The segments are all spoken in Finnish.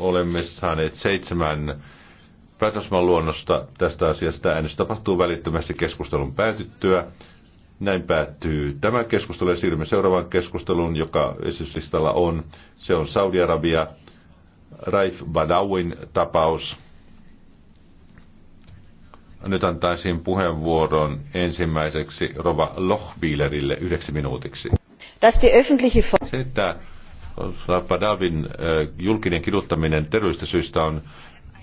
olemme saaneet seitsemän päätösmaan luonnosta tästä asiasta. Äänestä tapahtuu välittömästi keskustelun päätyttyä. Näin päättyy tämä keskustelu ja siirrymme seuraavaan keskusteluun, joka esityslistalla on. Se on Saudi-Arabia, Raif Badawin tapaus. Nyt antaisin puheenvuoron ensimmäiseksi Rova Lochbielerille yhdeksi minuutiksi. Se, että Padavin äh, julkinen kiduttaminen syistä on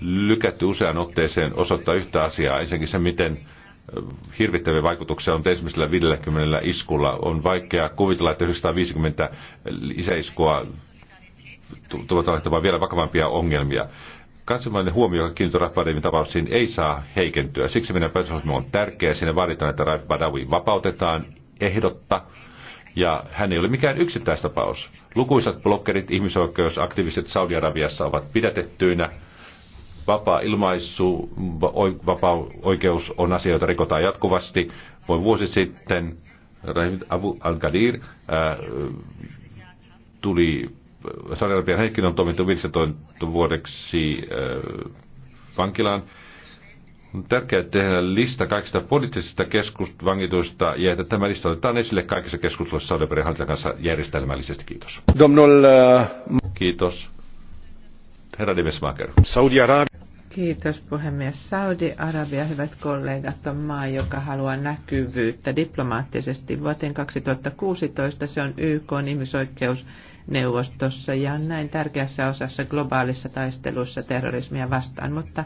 lykätty useaan otteeseen osoittaa yhtä asiaa. Ensinnäkin se, miten äh, hirvittäviä vaikutuksia on ensimmäisellä 50 iskulla. On vaikea kuvitella, että 950 lisäiskua tulee aiheuttamaan vielä vakavampia ongelmia. Kansainvälinen huomio, joka kiinnittää Rabbadavin tapauksiin, ei saa heikentyä. Siksi meidän päätösosmo on tärkeä. Siinä vaaditaan, että Rabbadawi vapautetaan ehdotta ja hän ei ole mikään yksittäistapaus. Lukuisat blokkerit, ihmisoikeusaktivistit Saudi-Arabiassa ovat pidätettyinä. Vapaa ilmaisu, vapaa oikeus on asia, jota rikotaan jatkuvasti. Voin vuosi sitten Rahim Abu Al-Qadir tuli Saudi-Arabian henkilön on tuomittu 15 vuodeksi äh, vankilaan. On tärkeää tehdä lista kaikista poliittisista keskusvangituista ja että tämä lista otetaan esille kaikissa keskusteluissa Saudi-Arabian hallinnan kanssa järjestelmällisesti. Kiitos. Domnul... Äh, Kiitos. Herra Dimesmaker. Saudi-Arabia. Kiitos puhemies. Saudi-Arabia, hyvät kollegat, on maa, joka haluaa näkyvyyttä diplomaattisesti. Vuoteen 2016 se on YK on ihmisoikeusneuvostossa ja näin tärkeässä osassa globaalissa taistelussa terrorismia vastaan, mutta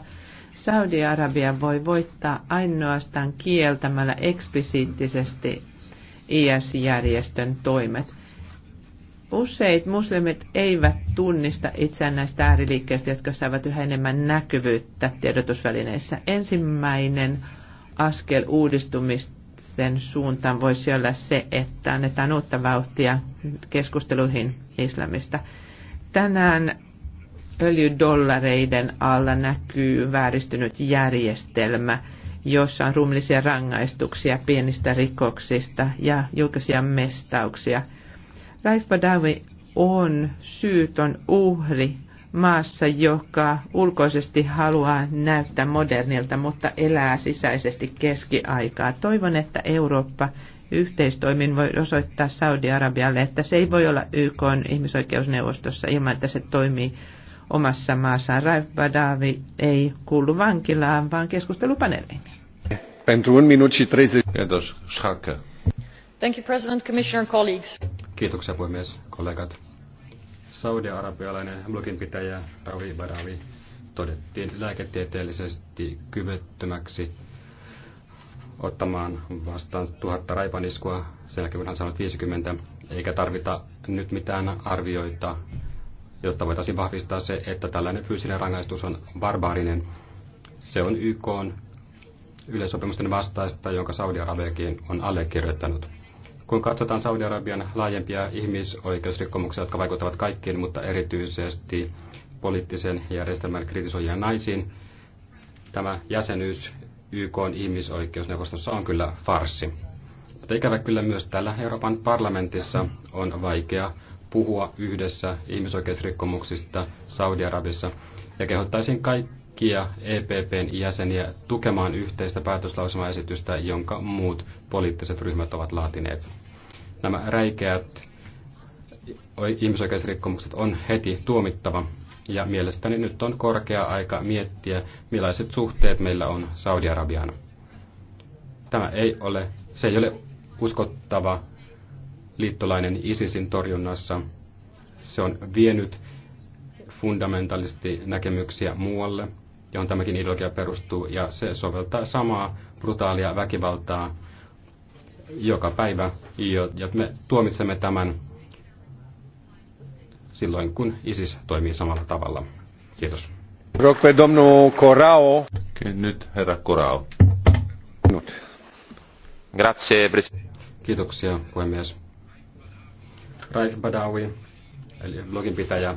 Saudi-Arabia voi voittaa ainoastaan kieltämällä eksplisiittisesti IS-järjestön toimet. Useit muslimit eivät tunnista itseään näistä ääriliikkeistä, jotka saavat yhä enemmän näkyvyyttä tiedotusvälineissä. Ensimmäinen askel uudistumisen suuntaan voisi olla se, että annetaan uutta vauhtia keskusteluihin islamista. Tänään öljydollareiden alla näkyy vääristynyt järjestelmä, jossa on rumlisia rangaistuksia pienistä rikoksista ja julkisia mestauksia. Raif Badawi on syytön uhri maassa, joka ulkoisesti haluaa näyttää modernilta, mutta elää sisäisesti keskiaikaa. Toivon, että Eurooppa yhteistoimin voi osoittaa Saudi-Arabialle, että se ei voi olla YK ihmisoikeusneuvostossa ilman, että se toimii omassa maassaan. Raif Badavi ei kuulu vankilaan, vaan keskustelupaneeliin. Pentru un minut și 30. Kiitos, Thank you, President, Commissioner, colleagues. Kiitoksia puhemies, kollegat. Saudi-arabialainen bloginpitäjä Ravi Badawi todettiin lääketieteellisesti kyvyttömäksi ottamaan vastaan tuhatta raipaniskua. Sen jälkeen hän saanut 50, eikä tarvita nyt mitään arvioita jotta voitaisiin vahvistaa se, että tällainen fyysinen rangaistus on barbaarinen. Se on YK on yleisopimusten vastaista, jonka Saudi-Arabiakin on allekirjoittanut. Kun katsotaan Saudi-Arabian laajempia ihmisoikeusrikkomuksia, jotka vaikuttavat kaikkiin, mutta erityisesti poliittisen järjestelmän kritisoijia naisiin, tämä jäsenyys YK on ihmisoikeusneuvostossa on kyllä farsi. Mutta ikävä kyllä myös täällä Euroopan parlamentissa on vaikea puhua yhdessä ihmisoikeusrikkomuksista Saudi-Arabissa ja kehottaisin kaikkia EPPn jäseniä tukemaan yhteistä päätöslausumaesitystä, jonka muut poliittiset ryhmät ovat laatineet. Nämä räikeät ihmisoikeusrikkomukset on heti tuomittava ja mielestäni nyt on korkea aika miettiä, millaiset suhteet meillä on Saudi-Arabiaan. Tämä ei ole, se ei ole uskottava liittolainen ISISin torjunnassa. Se on vienyt fundamentalisti näkemyksiä muualle, johon tämäkin ideologia perustuu, ja se soveltaa samaa brutaalia väkivaltaa joka päivä, ja me tuomitsemme tämän silloin, kun ISIS toimii samalla tavalla. Kiitos. Rokve domnu Korao. Nyt herra Korao. Grazie, Kiitoksia, puhemies. Raif Badawi, eli bloginpitäjä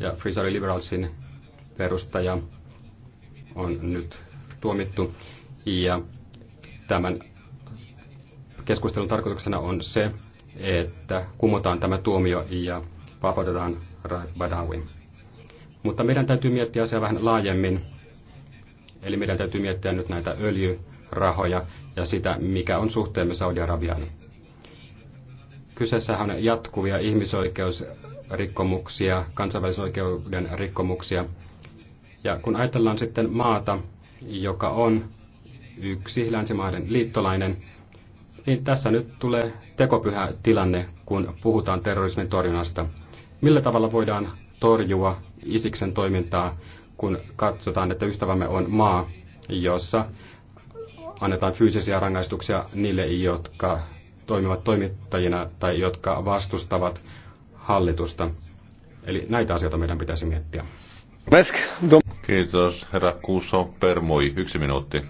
ja Freezer Liberalsin perustaja, on nyt tuomittu. Ja tämän keskustelun tarkoituksena on se, että kumotaan tämä tuomio ja vapautetaan Raif Badawi. Mutta meidän täytyy miettiä asiaa vähän laajemmin. Eli meidän täytyy miettiä nyt näitä öljyrahoja ja sitä, mikä on suhteemme Saudi-Arabiaan. Kyseessähän on jatkuvia ihmisoikeusrikkomuksia, kansainvälisen oikeuden rikkomuksia. Ja kun ajatellaan sitten maata, joka on yksi länsimaiden liittolainen, niin tässä nyt tulee tekopyhä tilanne, kun puhutaan terrorismin torjunnasta. Millä tavalla voidaan torjua Isiksen toimintaa, kun katsotaan, että ystävämme on maa, jossa annetaan fyysisiä rangaistuksia niille, jotka toimivat toimittajina tai jotka vastustavat hallitusta. Eli näitä asioita meidän pitäisi miettiä. Kiitos, herra Kuuso Permoi. Yksi minuutti.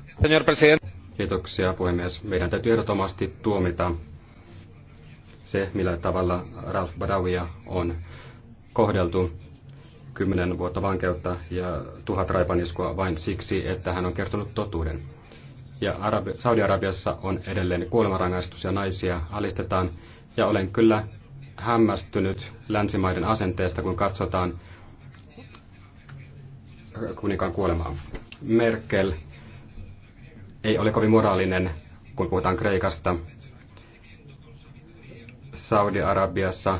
Kiitoksia, puhemies. Meidän täytyy ehdottomasti tuomita se, millä tavalla Ralf Badawia on kohdeltu kymmenen vuotta vankeutta ja tuhat raipaniskua vain siksi, että hän on kertonut totuuden ja Arabi- Saudi-Arabiassa on edelleen kuolemanrangaistus ja naisia alistetaan. Ja olen kyllä hämmästynyt länsimaiden asenteesta, kun katsotaan kuninkaan kuolemaa. Merkel ei ole kovin moraalinen, kun puhutaan Kreikasta. Saudi-Arabiassa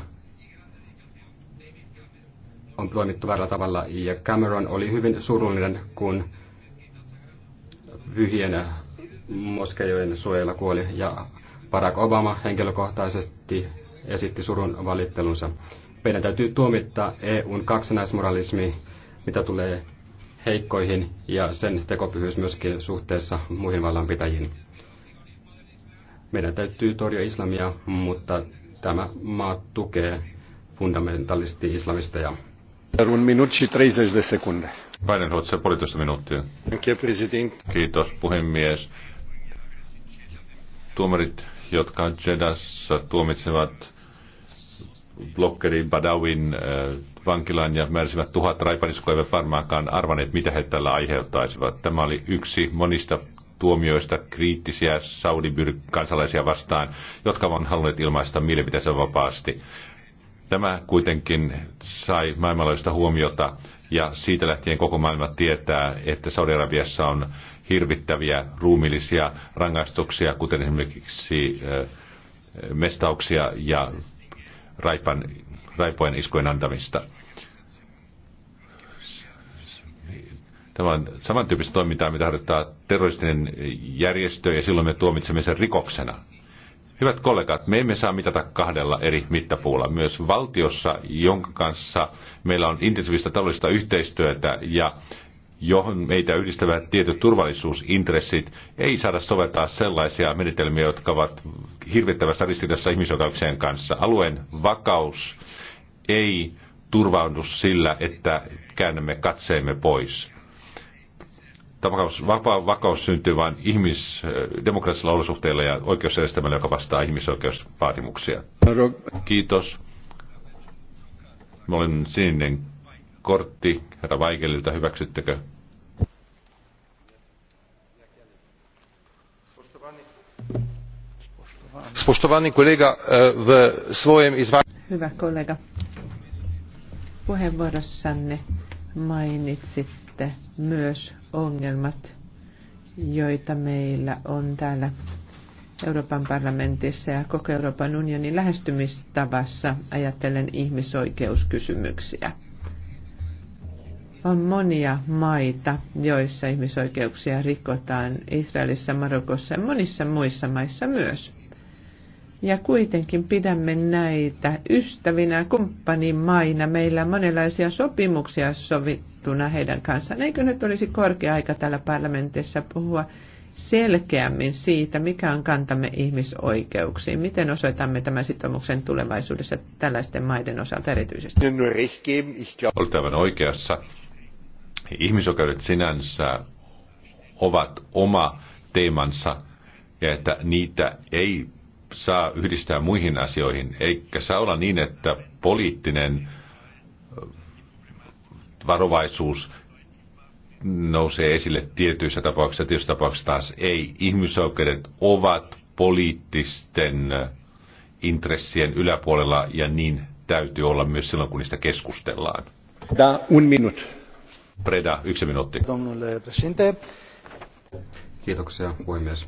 on toimittu väärällä tavalla ja Cameron oli hyvin surullinen, kun pyhien moskeijojen suojella kuoli ja Barack Obama henkilökohtaisesti esitti surun valittelunsa. Meidän täytyy tuomittaa EUn kaksinaismoralismi, mitä tulee heikkoihin ja sen tekopyhyys myöskin suhteessa muihin vallanpitäjiin. Meidän täytyy torjua islamia, mutta tämä maa tukee fundamentalisti islamisteja. Un minut și 30 de Biden, puolitoista minuuttia. Kiitos puhemies tuomarit, jotka Jedassa tuomitsevat blokkeri Badawin äh, vankilaan ja määräsivät tuhat raipaniskua, eivät varmaankaan arvaneet, mitä he tällä aiheuttaisivat. Tämä oli yksi monista tuomioista kriittisiä Saudi-kansalaisia vastaan, jotka ovat halunneet ilmaista mielipiteensä vapaasti. Tämä kuitenkin sai maailmanlaajuista huomiota ja siitä lähtien koko maailma tietää, että Saudi-Arabiassa on hirvittäviä ruumillisia rangaistuksia, kuten esimerkiksi mestauksia ja raipan, raipojen iskujen antamista. Tämä on samantyyppistä toimintaa, mitä harjoittaa terroristinen järjestö, ja silloin me tuomitsemme sen rikoksena. Hyvät kollegat, me emme saa mitata kahdella eri mittapuulla. Myös valtiossa, jonka kanssa meillä on intensiivistä taloudellista yhteistyötä ja johon meitä yhdistävät tietyt turvallisuusintressit, ei saada soveltaa sellaisia menetelmiä, jotka ovat hirvittävässä ristiriidassa ihmisoikeuksien kanssa. Alueen vakaus ei turvaudu sillä, että käännämme katseemme pois. Vakaus, vapaa vakaus syntyy vain ihmisdemokraattisilla olosuhteilla ja oikeusjärjestelmällä, joka vastaa ihmisoikeusvaatimuksia. Kiitos. Mä olen sininen kortti herra Vaikelilta, hyväksyttekö? spoštovani kolega eh, v svojem Hyvä kollega, puheenvuorossanne mainitsitte myös ongelmat, joita meillä on täällä Euroopan parlamentissa ja koko Euroopan unionin lähestymistavassa ajatellen ihmisoikeuskysymyksiä. On monia maita, joissa ihmisoikeuksia rikotaan Israelissa, Marokossa ja monissa muissa maissa myös. Ja kuitenkin pidämme näitä ystävinä, kumppanimaina. Meillä on monenlaisia sopimuksia sovittuna heidän kanssaan. Eikö nyt olisi korkea aika täällä parlamentissa puhua selkeämmin siitä, mikä on kantamme ihmisoikeuksiin, miten osoitamme tämän sitoumuksen tulevaisuudessa tällaisten maiden osalta erityisesti. Oltavan aivan oikeassa. Ihmisoikeudet sinänsä ovat oma teemansa ja että niitä ei saa yhdistää muihin asioihin, eikä saa olla niin, että poliittinen äh, varovaisuus nousee esille tietyissä tapauksissa, tietyissä tapauksissa taas ei. Ihmisoikeudet ovat poliittisten äh, intressien yläpuolella ja niin täytyy olla myös silloin, kun niistä keskustellaan. Da un minut. Preda, yksi minuutti. Kiitoksia, puhemies.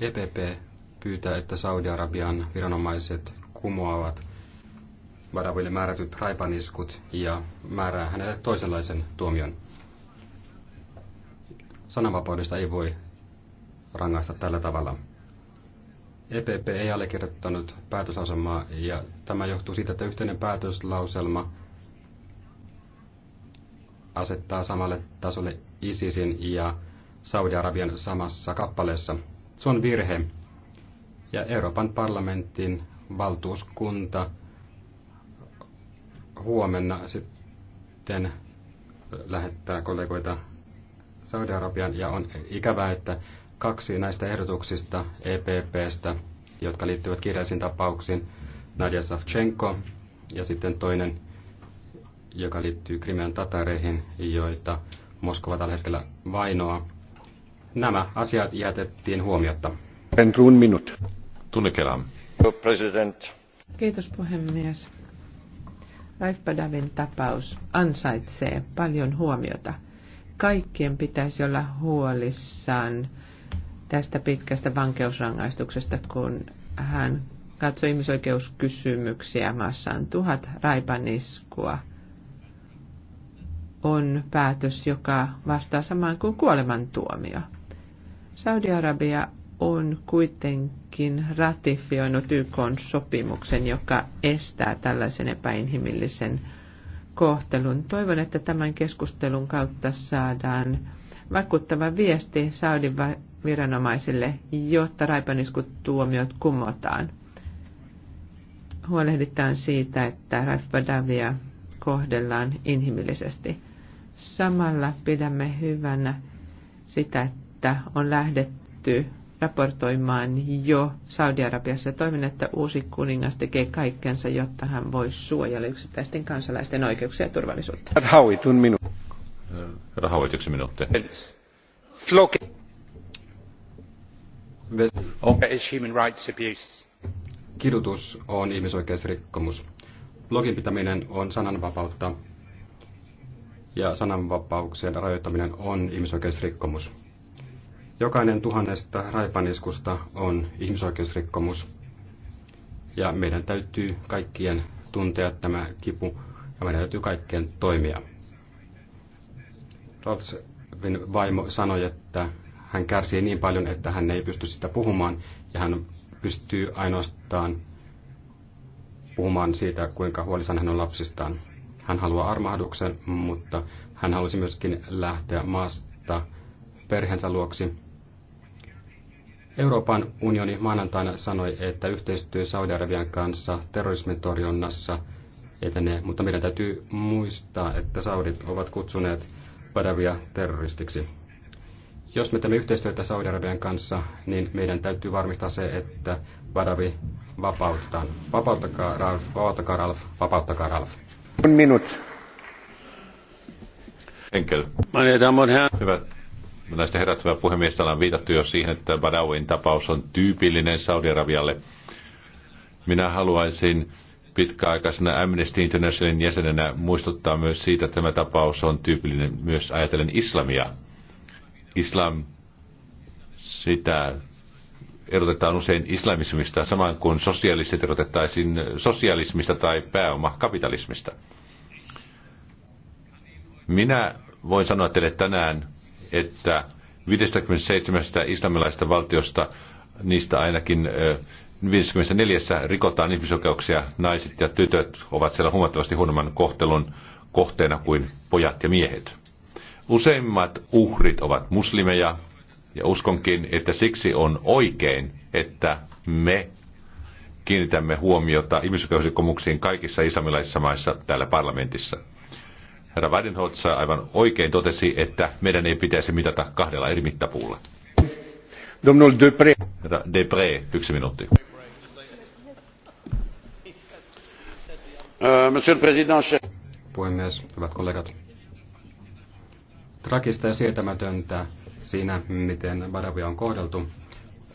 EPP pyytää, että Saudi-Arabian viranomaiset kumoavat Badawille määrätyt raipaniskut ja määrää hänelle toisenlaisen tuomion. Sananvapaudesta ei voi rangaista tällä tavalla. EPP ei allekirjoittanut päätösasemaa ja tämä johtuu siitä, että yhteinen päätöslauselma asettaa samalle tasolle ISISin ja Saudi-Arabian samassa kappaleessa. Se on virhe, ja Euroopan parlamentin valtuuskunta huomenna sitten lähettää kollegoita Saudi-Arabian ja on ikävää, että kaksi näistä ehdotuksista EPPstä, jotka liittyvät kirjallisiin tapauksiin, Nadia Savchenko ja sitten toinen, joka liittyy Krimean tatareihin, joita Moskova tällä hetkellä vainoa. Nämä asiat jätettiin huomiotta. Pentru minut. Tunnikelam. Kiitos puhemies. Raif Badavin tapaus ansaitsee paljon huomiota. Kaikkien pitäisi olla huolissaan tästä pitkästä vankeusrangaistuksesta, kun hän katsoi ihmisoikeuskysymyksiä maassaan. Tuhat raipaniskua on päätös, joka vastaa samaan kuin kuolemantuomio. Saudi-Arabia on kuitenkin Turkkikin ratifioinut YK sopimuksen, joka estää tällaisen epäinhimillisen kohtelun. Toivon, että tämän keskustelun kautta saadaan vakuuttava viesti Saudin viranomaisille, jotta raipaniskut tuomiot kumotaan. Huolehditaan siitä, että Raif Badavia kohdellaan inhimillisesti. Samalla pidämme hyvänä sitä, että on lähdetty raportoimaan jo Saudi-Arabiassa. toimin, että uusi kuningas tekee kaikkensa, jotta hän voi suojella yksittäisten kansalaisten oikeuksia ja turvallisuutta. Hauitun minu. Rahauit yksi minuutti. Oh. Kidutus on ihmisoikeusrikkomus. Blogin pitäminen on sananvapautta ja sananvapauksien rajoittaminen on ihmisoikeusrikkomus. Jokainen tuhannesta raipaniskusta on ihmisoikeusrikkomus. Ja meidän täytyy kaikkien tuntea tämä kipu ja meidän täytyy kaikkien toimia. Rolfsvin vaimo sanoi, että hän kärsii niin paljon, että hän ei pysty sitä puhumaan ja hän pystyy ainoastaan puhumaan siitä, kuinka huolissaan hän on lapsistaan. Hän haluaa armahduksen, mutta hän halusi myöskin lähteä maasta perheensä luoksi Euroopan unioni maanantaina sanoi, että yhteistyö Saudi-Arabian kanssa terrorismin torjunnassa etenee, mutta meidän täytyy muistaa, että Saudit ovat kutsuneet Badavia terroristiksi. Jos me teemme yhteistyötä Saudi-Arabian kanssa, niin meidän täytyy varmistaa se, että Badavi vapautetaan. Vapauttakaa Ralf, vapauttakaa Ralf, vapauttakaa Ralf. Minut. Henkel. Hyvät näistä herrat, hyvä puhemies, on viitattu jo siihen, että Badawin tapaus on tyypillinen Saudi-Arabialle. Minä haluaisin pitkäaikaisena Amnesty Internationalin jäsenenä muistuttaa myös siitä, että tämä tapaus on tyypillinen myös ajatellen islamia. Islam, sitä erotetaan usein islamismista, samaan kuin sosialistit erotettaisiin sosialismista tai pääomakapitalismista. Minä voin sanoa teille tänään, että 57 islamilaisesta valtiosta niistä ainakin 54 rikotaan ihmisoikeuksia. Naiset ja tytöt ovat siellä huomattavasti huonomman kohtelun kohteena kuin pojat ja miehet. Useimmat uhrit ovat muslimeja, ja uskonkin, että siksi on oikein, että me kiinnitämme huomiota ihmisoikeusrikkomuksiin kaikissa islamilaisissa maissa täällä parlamentissa. Herra Weidenholz aivan oikein totesi, että meidän ei pitäisi mitata kahdella eri mittapuulla. Domnul Herra Depré, yksi minuutti. Euh, monsieur le Président, Puhemies, hyvät kollegat. Trakista ja sietämätöntä siinä, miten Badavia on kohdeltu,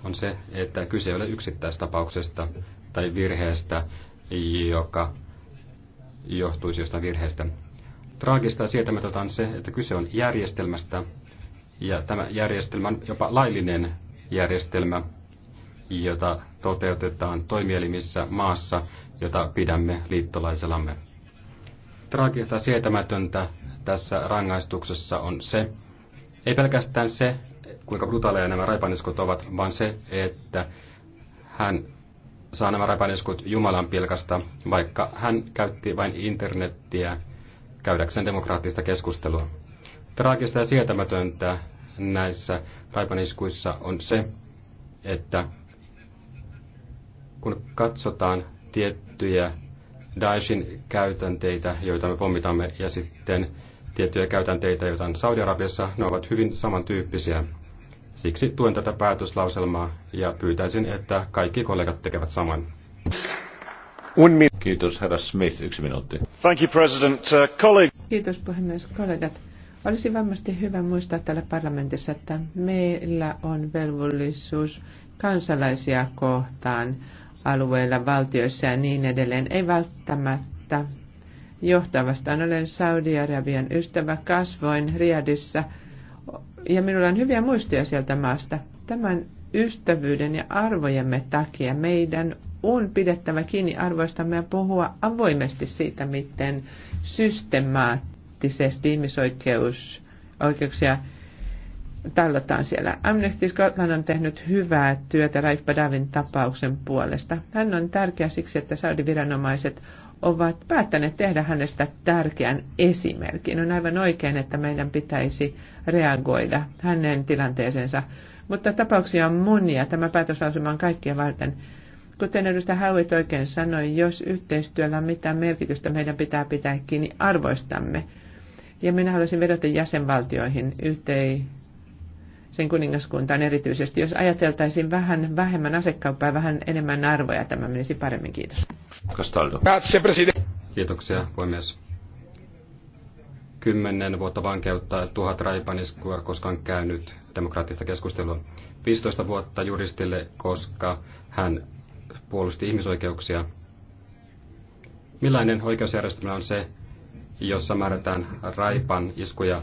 on se, että kyse ei ole yksittäistapauksesta tai virheestä, joka johtuisi jostain virheestä. Traagista ja sietämätöntä on se, että kyse on järjestelmästä, ja tämä järjestelmä on jopa laillinen järjestelmä, jota toteutetaan toimielimissä maassa, jota pidämme liittolaisellamme. Traagista ja sietämätöntä tässä rangaistuksessa on se, ei pelkästään se, kuinka brutaaleja nämä raipaniskut ovat, vaan se, että hän saa nämä raipaniskut Jumalan pilkasta, vaikka hän käytti vain internettiä käydäkseen demokraattista keskustelua. Traagista ja sietämätöntä näissä raipaniskuissa on se, että kun katsotaan tiettyjä Daeshin käytänteitä, joita me pommitamme, ja sitten tiettyjä käytänteitä, joita on Saudi-Arabiassa, ne ovat hyvin samantyyppisiä. Siksi tuen tätä päätöslauselmaa ja pyytäisin, että kaikki kollegat tekevät saman. Kiitos, herra Smith. Yksi minuutti. Thank you, President. Uh, colleague... Kiitos, puhemies. Kollegat. Olisi varmasti hyvä muistaa täällä parlamentissa, että meillä on velvollisuus kansalaisia kohtaan alueilla, valtioissa ja niin edelleen. Ei välttämättä johtavastaan olen Saudi-Arabian ystävä, kasvoin Riadissa ja minulla on hyviä muistoja sieltä maasta. Tämän ystävyyden ja arvojemme takia meidän on pidettävä kiinni arvoistamme ja puhua avoimesti siitä, miten systemaattisesti ihmisoikeuksia tallotaan siellä. Amnesty Scotland on tehnyt hyvää työtä Raif Badavin tapauksen puolesta. Hän on tärkeä siksi, että saudiviranomaiset ovat päättäneet tehdä hänestä tärkeän esimerkin. On aivan oikein, että meidän pitäisi reagoida hänen tilanteeseensa, mutta tapauksia on monia. Tämä päätöslausuma on kaikkia varten Kuten edustaja Hauit oikein sanoi, jos yhteistyöllä on mitään merkitystä, meidän pitää pitää kiinni arvoistamme. Ja minä haluaisin vedota jäsenvaltioihin yhteen sen kuningaskuntaan erityisesti. Jos ajateltaisiin vähän vähemmän asekauppaa ja vähän enemmän arvoja, tämä menisi paremmin. Kiitos. Castaldo. Kiitoksia, puhemies. Kymmenen vuotta vankeutta, tuhat raipaniskua, koska on käynyt demokraattista keskustelua. 15 vuotta juristille, koska hän puolusti ihmisoikeuksia. Millainen oikeusjärjestelmä on se, jossa määrätään raipan iskuja?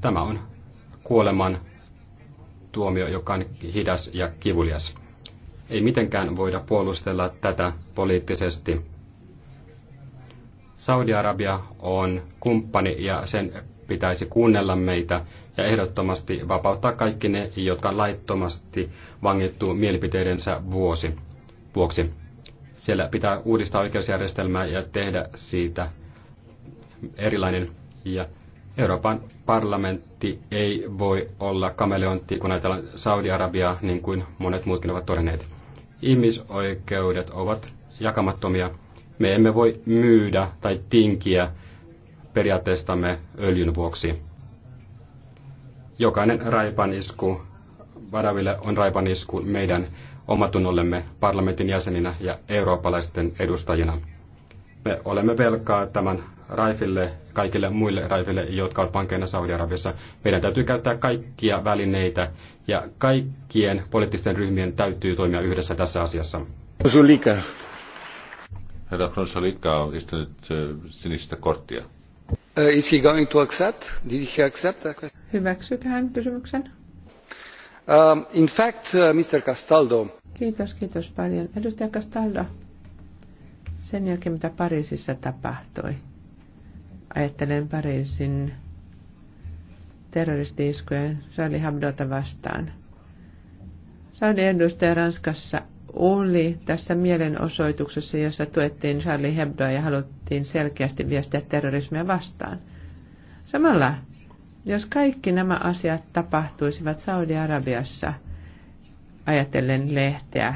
Tämä on kuoleman tuomio, joka on hidas ja kivulias. Ei mitenkään voida puolustella tätä poliittisesti. Saudi-Arabia on kumppani ja sen pitäisi kuunnella meitä ja ehdottomasti vapauttaa kaikki ne, jotka laittomasti vangittu mielipiteidensä vuosi, vuoksi. Siellä pitää uudistaa oikeusjärjestelmää ja tehdä siitä erilainen. Ja Euroopan parlamentti ei voi olla kameleontti, kun ajatellaan Saudi-Arabiaa, niin kuin monet muutkin ovat todenneet. Ihmisoikeudet ovat jakamattomia. Me emme voi myydä tai tinkiä periaatteestamme öljyn vuoksi. Jokainen raipanisku varaville on raipanisku meidän omatunnollemme parlamentin jäseninä ja eurooppalaisten edustajina. Me olemme velkaa tämän Raifille, kaikille muille Raifille, jotka ovat pankeina Saudi-Arabiassa. Meidän täytyy käyttää kaikkia välineitä ja kaikkien poliittisten ryhmien täytyy toimia yhdessä tässä asiassa. Herra Fronsalika on istunut sinistä korttia. Uh, is he going to accept? Did he accept that question? Hyväksykö hän kysymyksen? Um, in fact, uh, Mr. Castaldo. Kiitos, kiitos paljon. Edustaja Castaldo, sen jälkeen mitä Pariisissa tapahtui, ajattelen Pariisin terroristi-iskujen Charlie Hebdota vastaan. Saudi edustaja Ranskassa oli tässä mielenosoituksessa, jossa tuettiin Charlie Hebdoa ja haluttiin selkeästi viestiä terrorismia vastaan. Samalla, jos kaikki nämä asiat tapahtuisivat Saudi-Arabiassa, ajatellen lehteä,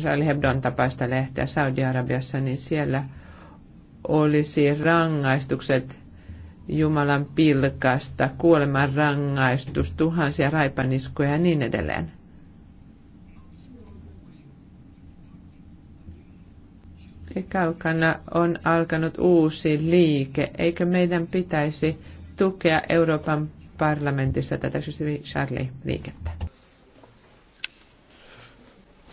Charlie Hebdon tapaista lehteä Saudi-Arabiassa, niin siellä olisi rangaistukset Jumalan pilkasta, kuoleman rangaistus, tuhansia raipaniskoja ja niin edelleen. kaukana on alkanut uusi liike. Eikö meidän pitäisi tukea Euroopan parlamentissa tätä Charlie-liikettä?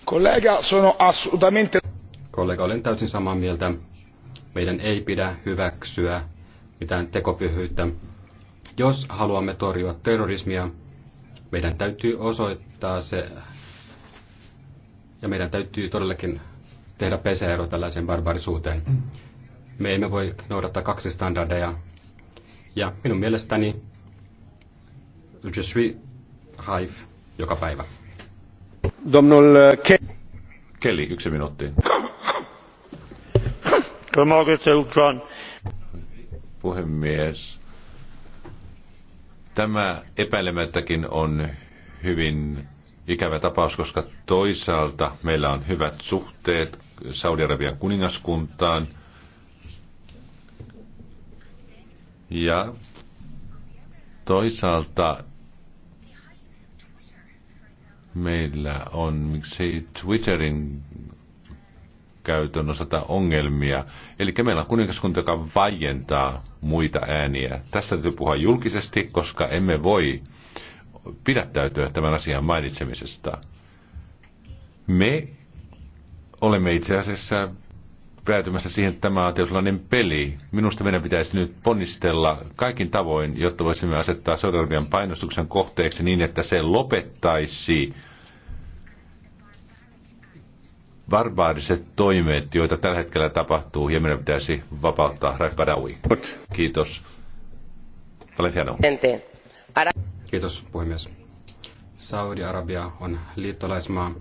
Kollega, sono assolutamente... Kollega, olen täysin samaa mieltä. Meidän ei pidä hyväksyä mitään tekopyhyyttä. Jos haluamme torjua terrorismia, meidän täytyy osoittaa se ja meidän täytyy todellakin tehdä pesäero tällaiseen barbarisuuteen. Mm. Me emme voi noudattaa kaksi standardeja. Ja minun mielestäni je suis hive joka päivä. Domnul eh, Ke- Kelly, yksi minuutti. Puhemies, tämä epäilemättäkin on hyvin ikävä tapaus, koska toisaalta meillä on hyvät suhteet Saudi-Arabian kuningaskuntaan. Ja toisaalta meillä on miksi Twitterin käytön osalta ongelmia. Eli meillä on kuningaskunta, joka vaientaa muita ääniä. Tästä täytyy puhua julkisesti, koska emme voi pidättäytyä tämän asian mainitsemisesta. Me olemme itse asiassa päätymässä siihen, että tämä on niin teosalainen peli. Minusta meidän pitäisi nyt ponnistella kaikin tavoin, jotta voisimme asettaa Saudi-Arabian painostuksen kohteeksi niin, että se lopettaisi barbaariset toimet, joita tällä hetkellä tapahtuu, ja meidän pitäisi vapauttaa Raif Badawi. Kiitos. Valenciano. Kiitos, puhemies. Saudi-Arabia on liittolaismaa,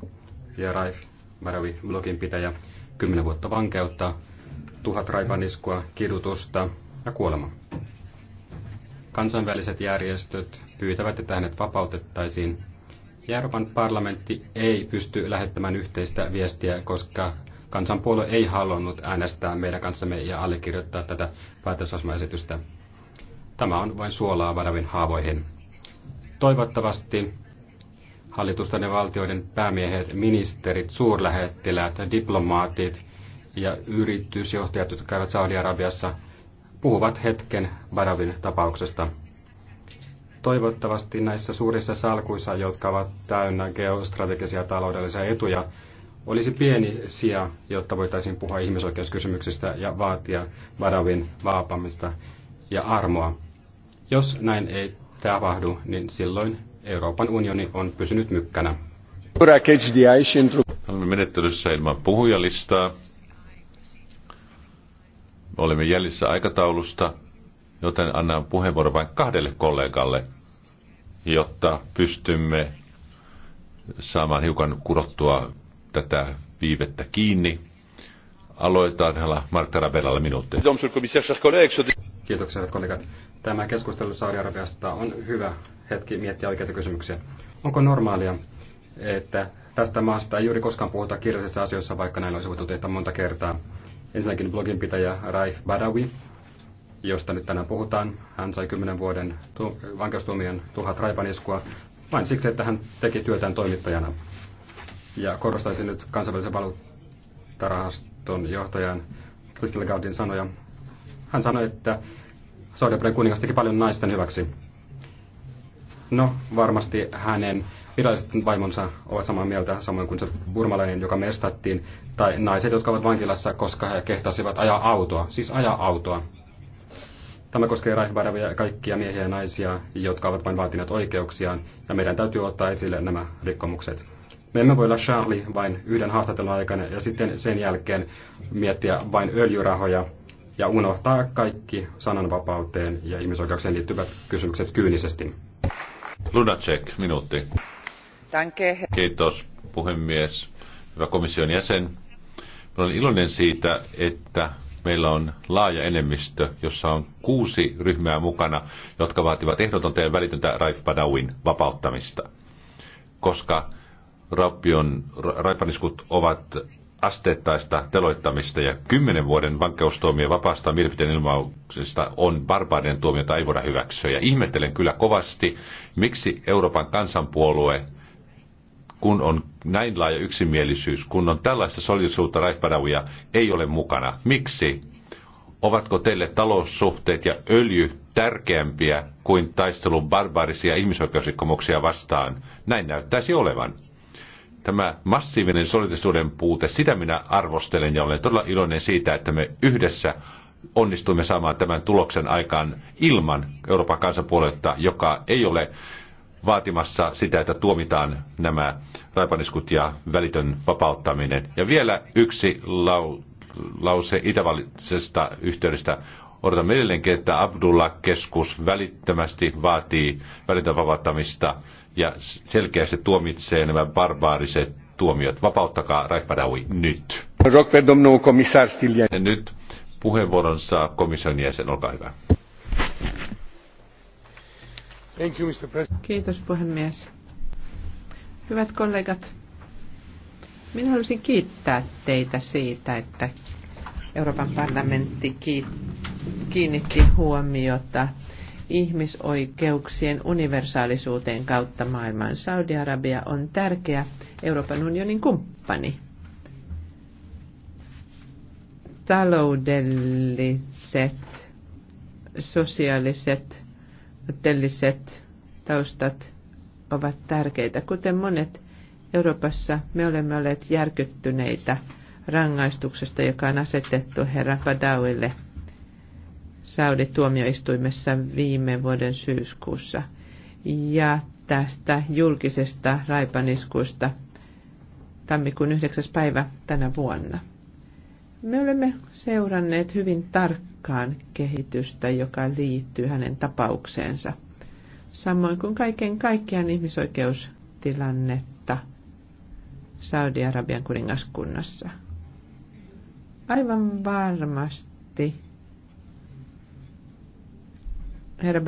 ja Raif Maravi pitäjä 10 vuotta vankeutta, tuhat raivaniskua, kidutusta ja kuolema. Kansainväliset järjestöt pyytävät, että hänet vapautettaisiin. Ja Euroopan parlamentti ei pysty lähettämään yhteistä viestiä, koska kansanpuolue ei halunnut äänestää meidän kanssamme ja allekirjoittaa tätä päätösasmaesitystä. Tämä on vain suolaa varavin haavoihin. Toivottavasti hallitusten ja valtioiden päämiehet, ministerit, suurlähettiläät, diplomaatit ja yritysjohtajat, jotka käyvät Saudi-Arabiassa, puhuvat hetken Badawin tapauksesta. Toivottavasti näissä suurissa salkuissa, jotka ovat täynnä geostrategisia taloudellisia etuja, olisi pieni sija, jotta voitaisiin puhua ihmisoikeuskysymyksistä ja vaatia Badawin vaapamista ja armoa. Jos näin ei tapahdu, niin silloin Euroopan unioni on pysynyt mykkänä. Olemme menettelyssä ilman puhujalistaa. Olemme jäljissä aikataulusta, joten annan puheenvuoron vain kahdelle kollegalle, jotta pystymme saamaan hiukan kurottua tätä viivettä kiinni. Aloitetaan täällä Mark Tarabellalla minuutti. Kiitoksia, kollegat. Tämä keskustelu Saudi-Arabiasta on hyvä hetki miettiä oikeita kysymyksiä. Onko normaalia, että tästä maasta ei juuri koskaan puhuta kirjallisissa asioissa, vaikka näin olisi voitu tehdä monta kertaa? Ensinnäkin blogin pitäjä Raif Badawi, josta nyt tänään puhutaan. Hän sai 10 vuoden tu- vankeustuomion tuhat raipaniskua vain siksi, että hän teki työtään toimittajana. Ja korostaisin nyt kansainvälisen valuuttarahaston johtajan Crystal Gaudin sanoja. Hän sanoi, että Saudi-Arabian kuningas teki paljon naisten hyväksi. No, varmasti hänen viralliset vaimonsa ovat samaa mieltä, samoin kuin se burmalainen, joka mestattiin, tai naiset, jotka ovat vankilassa, koska he kehtasivat ajaa autoa, siis ajaa autoa. Tämä koskee Reichbaravia kaikkia miehiä ja naisia, jotka ovat vain vaatineet oikeuksiaan, ja meidän täytyy ottaa esille nämä rikkomukset. Me emme voi olla Charlie vain yhden haastattelun aikana ja sitten sen jälkeen miettiä vain öljyrahoja ja unohtaa kaikki sananvapauteen ja ihmisoikeuksien liittyvät kysymykset kyynisesti. Lunacek, minuutti. Danke. Kiitos, puhemies. Hyvä komission jäsen. Minä olen iloinen siitä, että meillä on laaja enemmistö, jossa on kuusi ryhmää mukana, jotka vaativat ehdotonta ja välitöntä Raif Badawin vapauttamista. Koska Rappion raipaniskut ovat asteittaista teloittamista ja kymmenen vuoden vankeustuomio vapaasta mielipiteen ilmauksesta on barbaarinen tuomio, jota ei voida hyväksyä. Ja ihmettelen kyllä kovasti, miksi Euroopan kansanpuolue, kun on näin laaja yksimielisyys, kun on tällaista solidisuutta Raifbadawia, ei ole mukana. Miksi? Ovatko teille taloussuhteet ja öljy tärkeämpiä kuin taistelun barbaarisia ihmisoikeusrikkomuksia vastaan? Näin näyttäisi olevan. Tämä massiivinen solidisuuden puute, sitä minä arvostelen ja olen todella iloinen siitä, että me yhdessä onnistuimme saamaan tämän tuloksen aikaan ilman Euroopan kansanpuoletta, joka ei ole vaatimassa sitä, että tuomitaan nämä raipaniskut ja välitön vapauttaminen. Ja vielä yksi lau, lause itävallisesta yhteydestä. Odotamme edelleenkin, että Abdullah-keskus välittömästi vaatii välitön vapauttamista ja selkeästi tuomitsee nämä barbaariset tuomiot. Vapauttakaa Raifadawi nyt. Nyt puheenvuoron saa komission jäsen, olkaa hyvä. Thank you, Mr. Kiitos puhemies. Hyvät kollegat, minä haluaisin kiittää teitä siitä, että Euroopan parlamentti kiinnitti huomiota ihmisoikeuksien universaalisuuteen kautta maailman. Saudi-Arabia on tärkeä Euroopan unionin kumppani. Taloudelliset, sosiaaliset, hotelliset taustat ovat tärkeitä, kuten monet Euroopassa me olemme olleet järkyttyneitä rangaistuksesta, joka on asetettu herra Badawille – Saudi-tuomioistuimessa viime vuoden syyskuussa. Ja tästä julkisesta raipaniskusta tammikuun 9. päivä tänä vuonna. Me olemme seuranneet hyvin tarkkaan kehitystä, joka liittyy hänen tapaukseensa, samoin kuin kaiken kaikkiaan ihmisoikeustilannetta Saudi-Arabian kuningaskunnassa. Aivan varmasti herra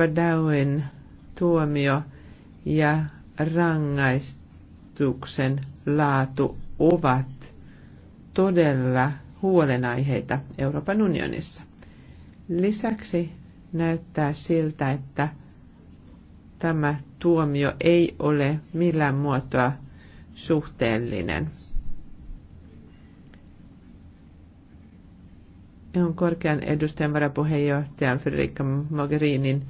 tuomio ja rangaistuksen laatu ovat todella huolenaiheita Euroopan unionissa. Lisäksi näyttää siltä, että tämä tuomio ei ole millään muotoa suhteellinen. EUn korkean edustajan varapuheenjohtajan Federica Mogherinin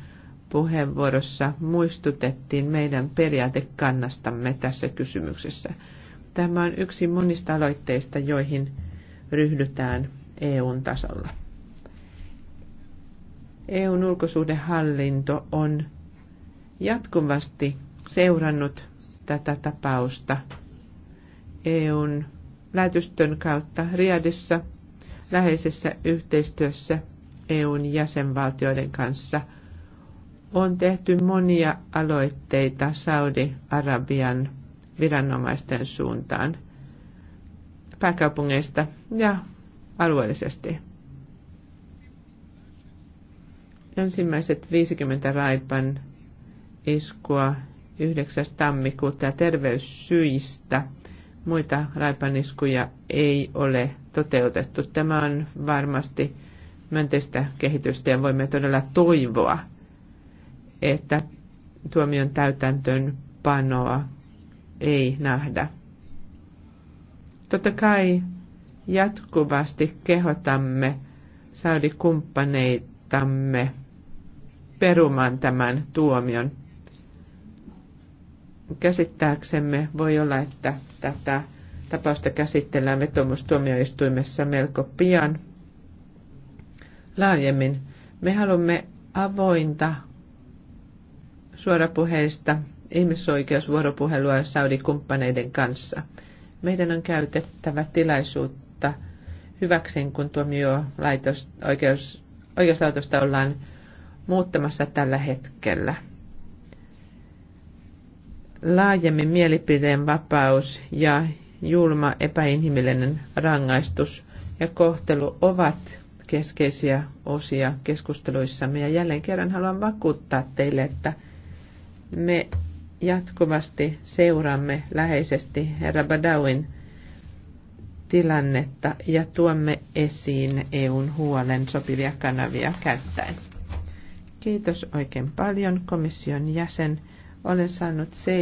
puheenvuorossa muistutettiin meidän periaatekannastamme tässä kysymyksessä. Tämä on yksi monista aloitteista, joihin ryhdytään EUn tasolla. EUn ulkosuhdehallinto on jatkuvasti seurannut tätä tapausta EUn lähetystön kautta Riadissa – läheisessä yhteistyössä EUn jäsenvaltioiden kanssa on tehty monia aloitteita Saudi-Arabian viranomaisten suuntaan pääkaupungeista ja alueellisesti. Ensimmäiset 50 raipan iskua 9. tammikuuta ja terveyssyistä. Muita raipaniskuja ei ole toteutettu. Tämä on varmasti myönteistä kehitystä ja voimme todella toivoa, että tuomion täytäntöön panoa ei nähdä. Totta kai jatkuvasti kehotamme saudikumppaneitamme perumaan tämän tuomion. Käsittääksemme voi olla, että tätä Tapausta käsitellään vetomustuomioistuimessa melko pian. Laajemmin me haluamme avointa suorapuheista ihmisoikeusvuoropuhelua Saudi-kumppaneiden kanssa. Meidän on käytettävä tilaisuutta hyväksen, kun laitos oikeus, oikeuslaitosta ollaan muuttamassa tällä hetkellä. Laajemmin mielipiteen vapaus ja julma, epäinhimillinen rangaistus ja kohtelu ovat keskeisiä osia keskusteluissamme. Ja jälleen kerran haluan vakuuttaa teille, että me jatkuvasti seuraamme läheisesti herra Badawin tilannetta ja tuomme esiin EUn huolen sopivia kanavia käyttäen. Kiitos oikein paljon komission jäsen. Olen saanut se